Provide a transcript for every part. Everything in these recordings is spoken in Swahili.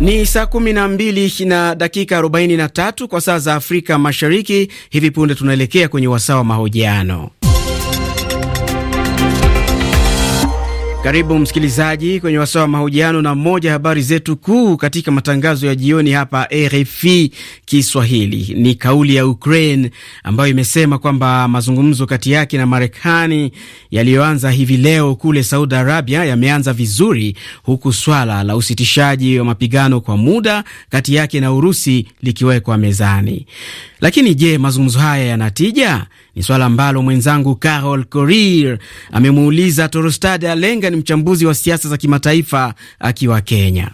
Ni saa kumi na mbili na dakika arobaini na tatu kwa saa za Afrika Mashariki. Hivi punde tunaelekea kwenye wasaa wa mahojiano. Karibu msikilizaji kwenye wasaa wa mahojiano na moja habari zetu kuu katika matangazo ya jioni hapa RFI Kiswahili ni kauli ya Ukraine ambayo imesema kwamba mazungumzo kati yake na Marekani yaliyoanza hivi leo kule Saudi Arabia yameanza vizuri, huku swala la usitishaji wa mapigano kwa muda kati yake na Urusi likiwekwa mezani. Lakini je, mazungumzo haya yanatija? ni swala ambalo mwenzangu Carol Korir amemuuliza Torostad Alenga, ni mchambuzi wa siasa za kimataifa akiwa Kenya.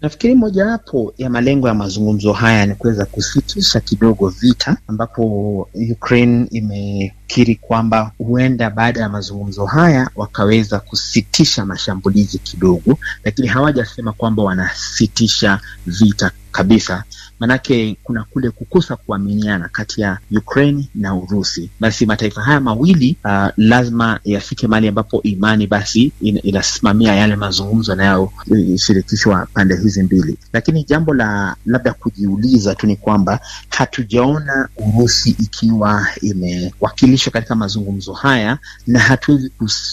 Nafikiri mojawapo ya malengo ya mazungumzo haya ni kuweza kusitisha kidogo vita, ambapo Ukraine imekiri kwamba huenda baada ya mazungumzo haya wakaweza kusitisha mashambulizi kidogo, lakini hawajasema kwamba wanasitisha vita kabisa manake kuna kule kukosa kuaminiana kati ya Ukraine na Urusi. Basi mataifa haya mawili uh, lazima yafike mahali ambapo imani basi in, inasimamia yale mazungumzo yanayoshirikishwa eh, pande hizi mbili, lakini jambo la labda kujiuliza tu ni kwamba hatujaona Urusi ikiwa imewakilishwa katika mazungumzo haya, na hatuwezi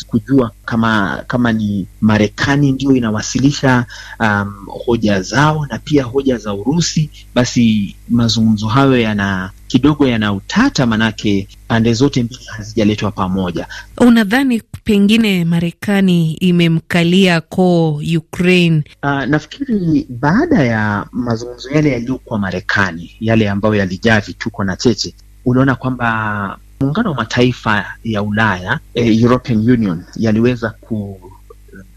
kujua kama kama ni Marekani ndio inawasilisha um, hoja zao na pia hoja za Urusi basi mazungumzo hayo yana kidogo yana utata, manake pande zote mbili hazijaletwa pamoja. Unadhani pengine Marekani imemkalia ko Ukraine? Uh, nafikiri baada ya mazungumzo yale yaliyokuwa Marekani, yale ambayo yalijaa vituko na cheche, uliona kwamba muungano wa mataifa ya Ulaya, eh, European Union yaliweza ku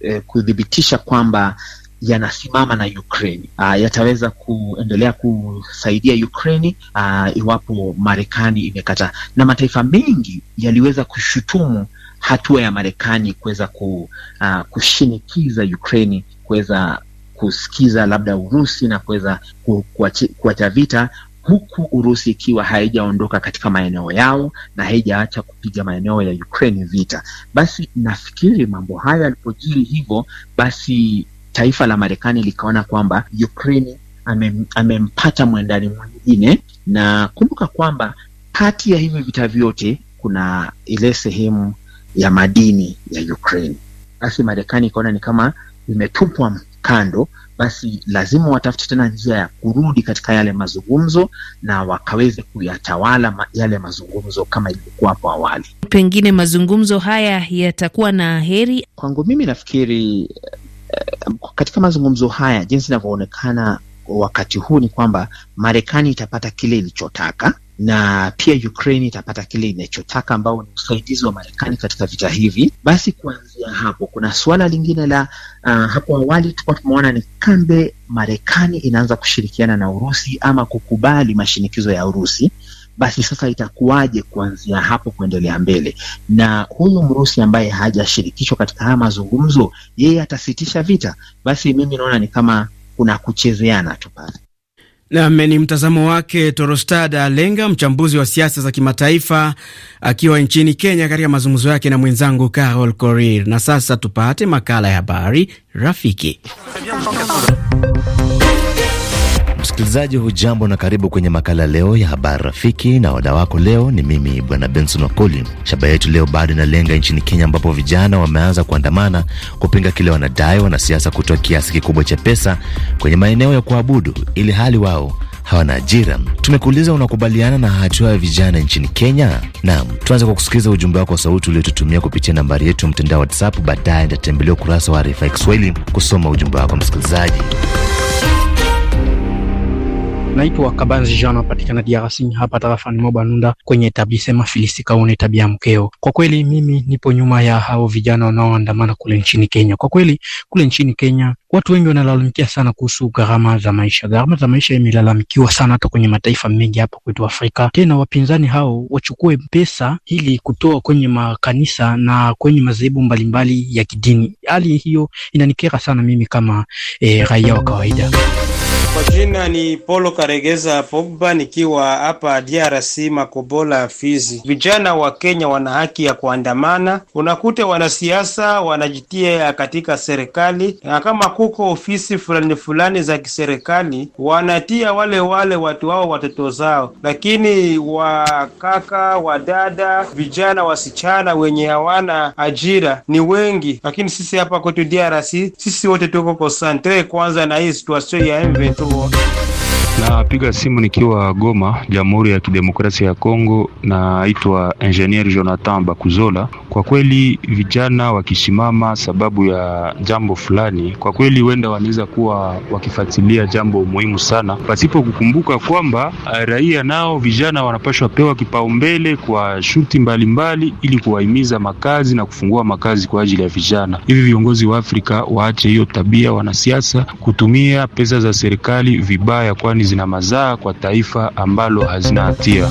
eh, kuthibitisha kwamba yanasimama na Ukraine uh, yataweza kuendelea kusaidia Ukraine uh, iwapo Marekani imekataa, na mataifa mengi yaliweza kushutumu hatua ya Marekani kuweza ku, uh, kushinikiza Ukraine kuweza kusikiza labda Urusi na kuweza kuacha vita huku Urusi ikiwa haijaondoka katika maeneo yao na haijaacha kupiga maeneo ya Ukraine vita. Basi nafikiri mambo haya yalipojiri hivyo, basi taifa la Marekani likaona kwamba Ukraine amem, amempata mwendani mwingine, na kumbuka kwamba kati ya hivi vita vyote kuna ile sehemu ya madini ya Ukraine. Basi Marekani ikaona ni kama imetupwa kando, basi lazima watafute tena njia ya kurudi katika yale mazungumzo na wakaweze kuyatawala ma yale mazungumzo kama ilivyokuwa hapo awali. Pengine mazungumzo haya yatakuwa na heri. Kwangu mimi nafikiri Eh, katika mazungumzo haya, jinsi inavyoonekana wakati huu ni kwamba Marekani itapata kile ilichotaka na pia Ukraine itapata kile inachotaka, ambao ni usaidizi wa Marekani katika vita hivi. Basi kuanzia hapo, kuna suala lingine la uh, hapo awali tulikuwa tumeona ni kambe Marekani inaanza kushirikiana na Urusi ama kukubali mashinikizo ya Urusi basi sasa itakuwaje kuanzia hapo kuendelea mbele? Na huyu Mrusi ambaye hajashirikishwa katika haya mazungumzo, yeye atasitisha vita? Basi mimi naona ni kama kuna kuchezeana tu pale. Nam ni mtazamo wake Torostad Alenga, mchambuzi wa siasa za kimataifa akiwa nchini Kenya, katika mazungumzo yake na mwenzangu Carol Korir. Na sasa tupate makala ya habari rafiki Msikilizaji hujambo na karibu kwenye makala leo ya habari rafiki, na wada wako leo ni mimi bwana Benson Wakoli. Shabaha yetu leo bado inalenga nchini Kenya, ambapo vijana wameanza kuandamana kupinga kile wanadai wanasiasa kutoa kiasi kikubwa cha pesa kwenye maeneo ya kuabudu, ili hali wao hawana ajira. Tumekuuliza, unakubaliana na hatua ya vijana nchini Kenya? Naam, tuanze kwa kusikiliza ujumbe wako wa sauti uliotutumia kupitia nambari yetu ya mtandao WhatsApp. Baadaye nitatembelea ukurasa wa RFI Kiswahili kusoma ujumbe wako msikilizaji. Naitwa Kabanzi Jean, napatikana DRC hapa tarafani Nunda kwenye tabisema Filisi Kaone tabia mkeo. Kwa kweli mimi nipo nyuma ya hao vijana wanaoandamana kule nchini Kenya. Kwa kweli kule nchini Kenya watu wengi wanalalamikia sana kuhusu gharama za maisha. Gharama za maisha imelalamikiwa sana hata kwenye mataifa mengi hapa kwetu Afrika. Tena wapinzani hao wachukue pesa ili kutoa kwenye makanisa na kwenye madhehebu mbalimbali ya kidini. Hali hiyo inanikera sana mimi kama e, raia wa kawaida. Kwa jina ni Polo ka Karegeza Pogba nikiwa hapa DRC Makobola Fizi. Vijana wa Kenya wana haki ya kuandamana. Unakuta wanasiasa wanajitia katika serikali, na kama kuko ofisi fulani fulani za kiserikali wanatia wale wale watu wao watoto zao, lakini wakaka, wadada, vijana, wasichana wenye hawana ajira ni wengi, lakini sisi hapa kwetu DRC sisi wote tuko konsantre kwanza na hii situation ya M23. Napiga simu nikiwa Goma, Jamhuri ya Kidemokrasia ya Kongo. Naitwa Engineer Jonathan Bakuzola. Kwa kweli vijana wakisimama sababu ya jambo fulani, kwa kweli huenda wanaweza kuwa wakifuatilia jambo muhimu sana, pasipo kukumbuka kwamba eh, raia nao vijana wanapashwa pewa kipaumbele kwa shuti mbalimbali, ili kuwahimiza makazi na kufungua makazi kwa ajili ya vijana. Hivi viongozi wa Afrika waache hiyo tabia, wanasiasa kutumia pesa za serikali vibaya, kwani zina mazaa kwa taifa ambalo hazina hatia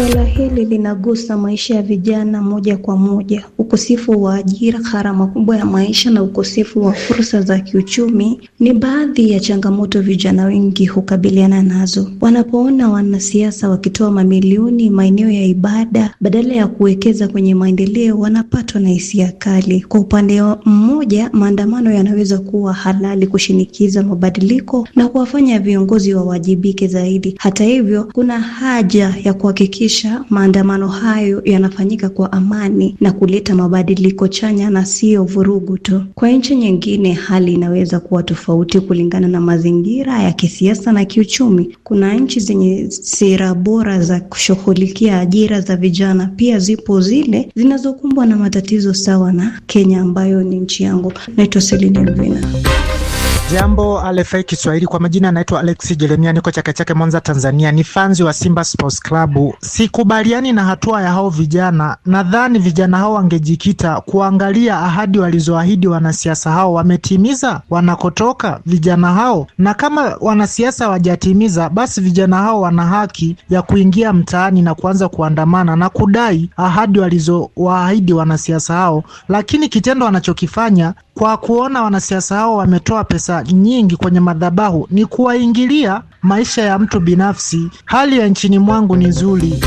Suala hili linagusa maisha ya vijana moja kwa moja. Ukosefu wa ajira, gharama kubwa ya maisha na ukosefu wa fursa za kiuchumi ni baadhi ya changamoto vijana wengi hukabiliana nazo. Wanapoona wanasiasa wakitoa mamilioni maeneo ya ibada badala ya kuwekeza kwenye maendeleo, wanapatwa na hisia kali. Kwa upande mmoja, maandamano yanaweza kuwa halali kushinikiza mabadiliko na kuwafanya viongozi wawajibike zaidi. Hata hivyo, kuna haja ya kuhakikisha kuhakikisha maandamano hayo yanafanyika kwa amani na kuleta mabadiliko chanya na siyo vurugu tu. Kwa nchi nyingine hali inaweza kuwa tofauti kulingana na mazingira ya kisiasa na kiuchumi. Kuna nchi zenye sera bora za kushughulikia ajira za vijana, pia zipo zile zinazokumbwa na matatizo sawa na Kenya ambayo ni nchi yangu. Naitwa Celine Mvina. Jambo RFI Kiswahili, kwa majina anaitwa Alex Jeremia, niko Chake Chake, Mwanza, Tanzania. Ni fanzi wa Simba Sports Club. Sikubaliani na hatua ya hao vijana. Nadhani vijana hao wangejikita kuangalia ahadi walizoahidi wanasiasa hao wametimiza wanakotoka vijana hao, na kama wanasiasa hawajatimiza, basi vijana hao wana haki ya kuingia mtaani na kuanza kuandamana na kudai ahadi walizowaahidi wanasiasa hao, lakini kitendo wanachokifanya kwa kuona wanasiasa hao wametoa pesa nyingi kwenye madhabahu ni kuwaingilia maisha ya mtu binafsi. Hali ya nchini mwangu ni nzuri.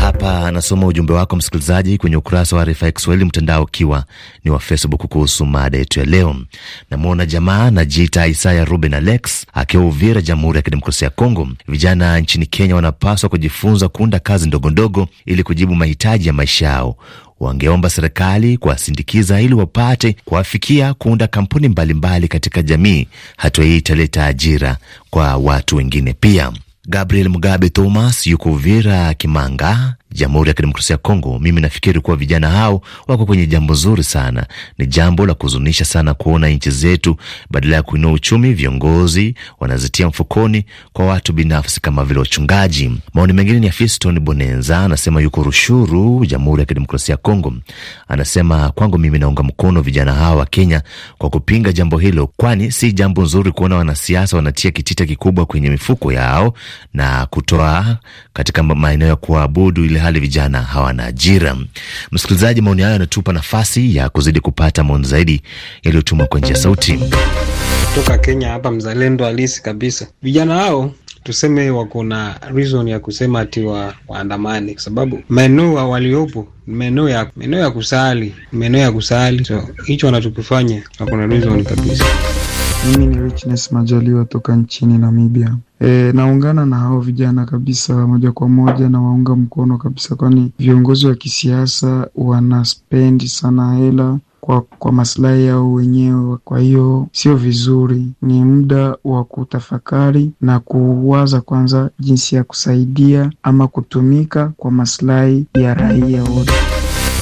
Hapa anasoma ujumbe wako msikilizaji kwenye ukurasa wa RFI Kiswahili mtandao ukiwa ni wa Facebook kuhusu mada yetu ya leo. Namwona jamaa najiita Isaya Ruben Alex akiwa Uvira, Jamhuri ya Kidemokrasia ya Kongo. Vijana nchini Kenya wanapaswa kujifunza kuunda kazi ndogondogo ili kujibu mahitaji ya maisha yao wangeomba serikali kuwasindikiza ili wapate kuwafikia kuunda kampuni mbalimbali mbali katika jamii. Hatua hii italeta ajira kwa watu wengine pia. Gabriel Mugabe Thomas yuko Uvira Kimanga Jamhuri ya Kidemokrasia ya Kongo, mimi nafikiri kuwa vijana hao wako kwenye jambo zuri sana. Ni jambo la kuhuzunisha sana kuona nchi zetu, badala ya kuinua uchumi, viongozi wanazitia mfukoni kwa watu binafsi kama vile wachungaji. Maoni mengine ni ya Fiston Bonenza, anasema yuko Rushuru, Jamhuri ya Kidemokrasia ya Kongo. Anasema kwangu mimi naunga mkono vijana hawa wa Kenya kwa kupinga jambo hilo, kwani si jambo nzuri kuona wanasiasa wanatia kitita kikubwa kwenye mifuko yao na kutoa katika maeneo ya kuabudu ile hali vijana hawana ajira. Msikilizaji, maoni hayo yanatupa nafasi ya kuzidi kupata maoni zaidi yaliyotumwa kwa njia sauti toka Kenya. Hapa mzalendo halisi kabisa, vijana hao tuseme wako na reason ya kusema ati wa waandamane kwa sababu maeneo wa waliopo maeneo ya maeneo ya kusali maeneo ya kusali, so hicho wanachokifanya wako na reason kabisa. Mimi ni Richness Majaliwa toka nchini Namibia. E, naungana na hao vijana kabisa moja kwa moja na waunga mkono kabisa, kwani viongozi wa kisiasa wanaspendi sana hela kwa, kwa maslahi yao wenyewe. Kwa hiyo sio vizuri, ni muda wa kutafakari na kuwaza kwanza jinsi ya kusaidia ama kutumika kwa maslahi ya raia wote.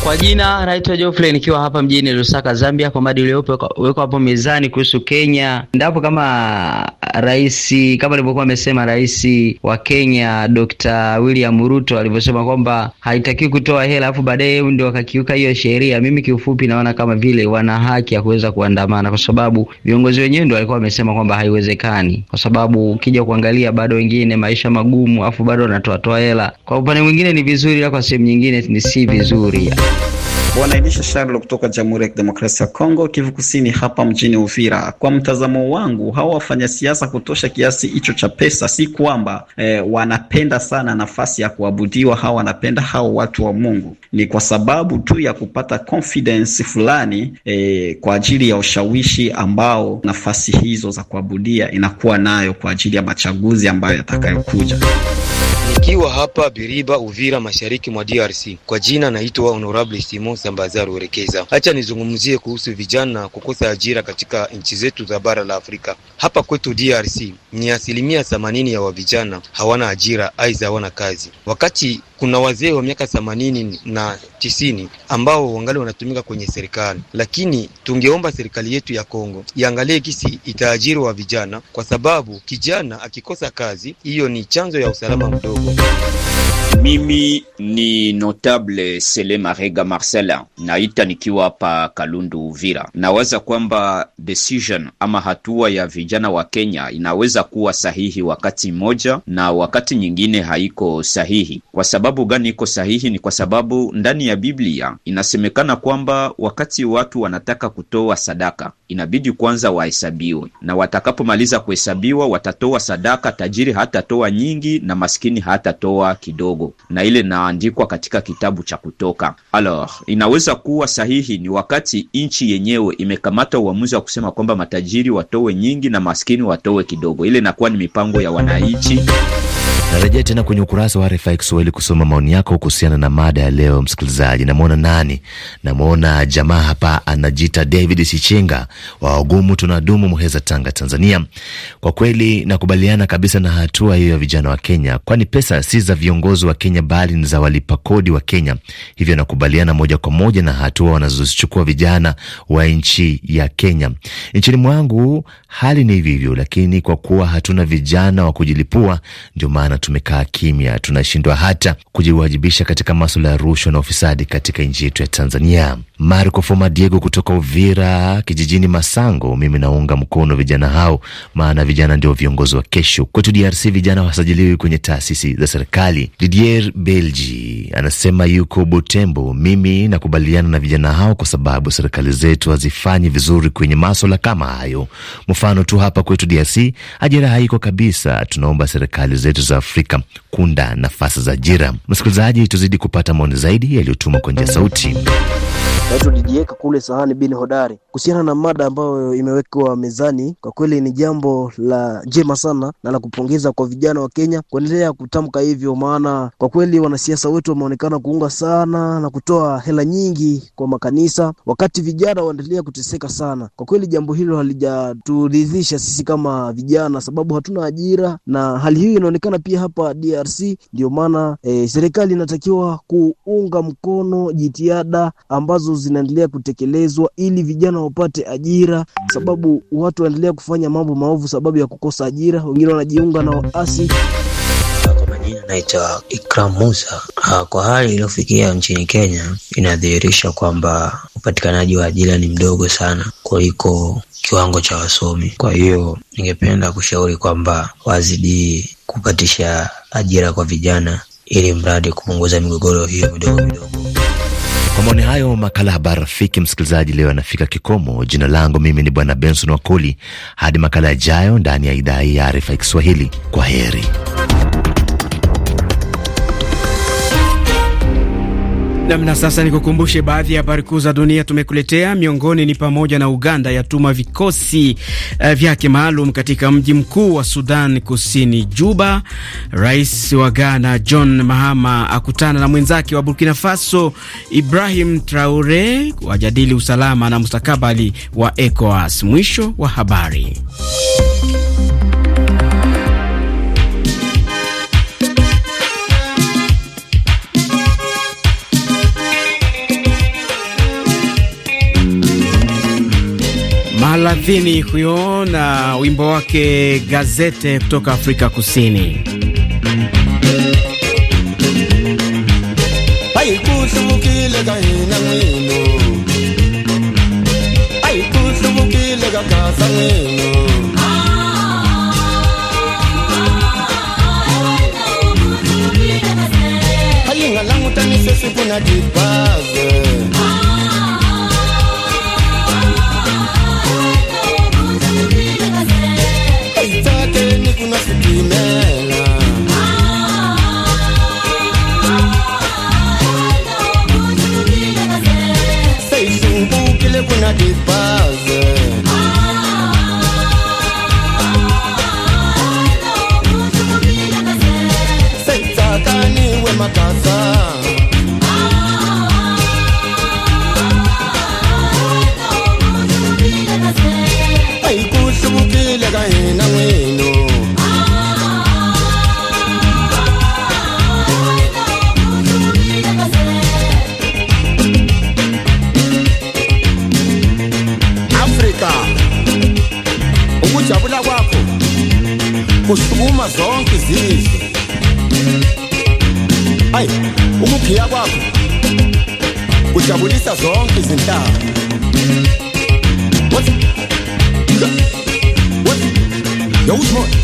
Kwa jina naitwa Geoffrey nikiwa hapa mjini Lusaka, Zambia, kwa mada iliyowekwa hapo mezani kuhusu Kenya. Ndapo kama rais, kama alivyokuwa amesema rais wa Kenya Dr. William Ruto alivyosema kwamba haitakiwi kutoa hela alafu baadaye ndio wakakiuka hiyo sheria, mimi kiufupi naona kama vile wana haki ya kuweza kuandamana, kwa sababu viongozi wenyewe ndio walikuwa wamesema kwamba haiwezekani, kwa sababu ukija kuangalia bado wengine maisha magumu, alafu bado wanatoa toa hela. Kwa upande mwingine ni vizuri, kwa sehemu nyingine ni si vizuri. Bwana Elisha Sharlo kutoka Jamhuri ya Kidemokrasia ya Kongo, Kivu Kusini, hapa mjini Uvira. Kwa mtazamo wangu, hawa wafanya siasa kutosha kiasi hicho cha pesa, si kwamba eh, wanapenda sana nafasi ya kuabudiwa, hawa wanapenda hao watu wa Mungu, ni kwa sababu tu ya kupata confidence fulani eh, kwa ajili ya ushawishi ambao nafasi hizo za kuabudia inakuwa nayo kwa ajili ya machaguzi ambayo yatakayokuja. Nikiwa hapa Biriba, Uvira, mashariki mwa DRC. Kwa jina naitwa Honorable Simon Sambazaru Rekeza. Acha nizungumzie kuhusu vijana kukosa ajira katika nchi zetu za bara la Afrika. Hapa kwetu DRC ni asilimia themanini ya wa vijana hawana ajira, aidha hawana kazi, wakati kuna wazee wa miaka themanini na tisini ambao wangali wanatumika kwenye serikali, lakini tungeomba serikali yetu ya Kongo iangalie kisi itaajiri wa vijana, kwa sababu kijana akikosa kazi hiyo ni chanzo ya usalama mdogo. Mimi ni notable Sele Marega Marcela, naita nikiwa hapa Kalundu Uvira. Nawaza kwamba decision ama hatua ya vijana wa Kenya inaweza kuwa sahihi wakati mmoja na wakati nyingine haiko sahihi. Kwa sababu gani iko sahihi? Ni kwa sababu ndani ya Biblia inasemekana kwamba wakati watu wanataka kutoa sadaka inabidi kwanza wahesabiwe, na watakapomaliza kuhesabiwa watatoa sadaka. Tajiri hatatoa nyingi na maskini hatatoa kidogo kidogo na ile inaandikwa katika kitabu cha Kutoka. Alors inaweza kuwa sahihi ni wakati nchi yenyewe imekamata uamuzi wa kusema kwamba matajiri watowe nyingi na maskini watowe kidogo. Ile inakuwa ni mipango ya wananchi. Narejea tena kwenye ukurasa wa RFI Kiswahili kusoma maoni yako kuhusiana na mada ya leo. Msikilizaji, namwona nani? Namwona jamaa hapa anajiita David Sichinga wa wagumu tunadumu, Muheza, Tanga, Tanzania. Kwa kweli nakubaliana kabisa na hatua hiyo ya vijana wa Kenya, kwani pesa si za viongozi wa Kenya bali ni za walipa kodi wa Kenya. Hivyo nakubaliana moja kwa moja na hatua wanazozichukua vijana wa nchi ya Kenya. Nchini mwangu hali ni hivyo hivyo, lakini kwa kuwa hatuna vijana wa kujilipua, ndio maana tumekaa kimya, tunashindwa hata kujiwajibisha katika maswala ya rushwa na ufisadi katika nchi yetu ya Tanzania. Marco Foma Diego kutoka Uvira kijijini Masango, mimi naunga mkono vijana hao, maana vijana ndio viongozi wa kesho kwetu DRC. Vijana wasajiliwi kwenye taasisi za serikali. Didier Belgi anasema yuko Butembo, mimi nakubaliana na vijana hao kwa sababu serikali zetu hazifanyi vizuri kwenye maswala kama hayo. Mfano tu hapa kwetu DRC ajira haiko kabisa, tunaomba serikali zetu za Afrika kunda nafasi za ajira. Msikilizaji, tuzidi kupata maoni zaidi yaliyotumwa kwa njia sauti naitwa Didieka kule Sahani bin Hodari. Kuhusiana na mada ambayo imewekwa mezani, kwa kweli ni jambo la njema sana na la kupongeza kwa vijana wa Kenya kuendelea kutamka hivyo, maana kwa kweli wanasiasa wetu wameonekana kuunga sana na kutoa hela nyingi kwa makanisa, wakati vijana waendelea kuteseka sana. Kwa kweli jambo hilo halijaturidhisha sisi kama vijana, sababu hatuna ajira na hali hiyo inaonekana pia hapa DRC. Ndio maana eh, serikali inatakiwa kuunga mkono jitihada ambazo zinaendelea kutekelezwa ili vijana wapate ajira, sababu watu wanaendelea kufanya mambo maovu sababu ya kukosa ajira, wengine wanajiunga na waasi. Naitwa Ikram Musa. Ah, kwa hali iliyofikia nchini Kenya, inadhihirisha kwamba upatikanaji wa ajira ni mdogo sana kuliko kiwango cha wasomi. Kwa hiyo ningependa kushauri kwamba wazidi kupatisha ajira kwa vijana, ili mradi kupunguza migogoro hiyo midogo midogo. Kwa maoni hayo, makala Habari Rafiki msikilizaji leo yanafika kikomo. Jina langu mimi ni Bwana Benson Wakoli. Hadi makala yajayo ndani ya idhaa hii ya Arifa ya Kiswahili, kwa heri. Namna sasa, nikukumbushe baadhi ya habari kuu za dunia tumekuletea. Miongoni ni pamoja na Uganda yatuma vikosi uh, vyake maalum katika mji mkuu wa Sudan Kusini, Juba. Rais wa Ghana John Mahama akutana na mwenzake wa Burkina Faso Ibrahim Traore wajadili usalama na mustakabali wa ECOWAS. Mwisho wa habari. Aladhini huyo na wimbo wake Gazete kutoka Afrika Kusini. Halinga kodwa ukujabula kwakho kusukuma zonke izizwe hayi ukuphiya kwakho kujabulisa zonke izinhlanga What? What? Yo, what's more?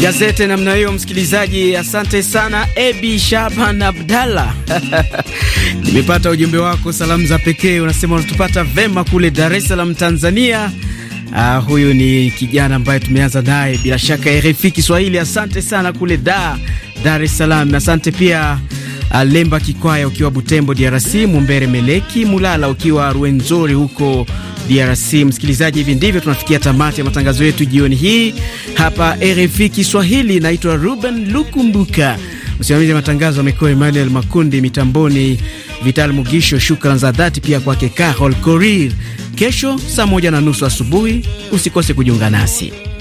Gazete namna hiyo, msikilizaji. Asante sana Ebi Shaban Abdalla. Nimepata ujumbe wako, salamu za pekee. Unasema unatupata vema kule Dar es Salaam, Tanzania. Ah, huyu ni kijana ambaye tumeanza naye bila shaka RFI Kiswahili. Asante sana kule da Dar es Salaam. Asante pia uh, Lemba Kikwaya ukiwa Butembo DRC, Mumbere Meleki Mulala ukiwa Ruenzori huko DRC. Msikilizaji, hivi ndivyo tunafikia tamati ya matangazo yetu jioni hii hapa RFI Kiswahili. Naitwa Ruben Lukumbuka. Msimamizi wa matangazo amekuwa Emmanuel Makundi, mitamboni Vital Mugisho. Shukran za dhati pia kwake Carol Korir. Kesho saa moja na nusu asubuhi usikose kujiunga nasi.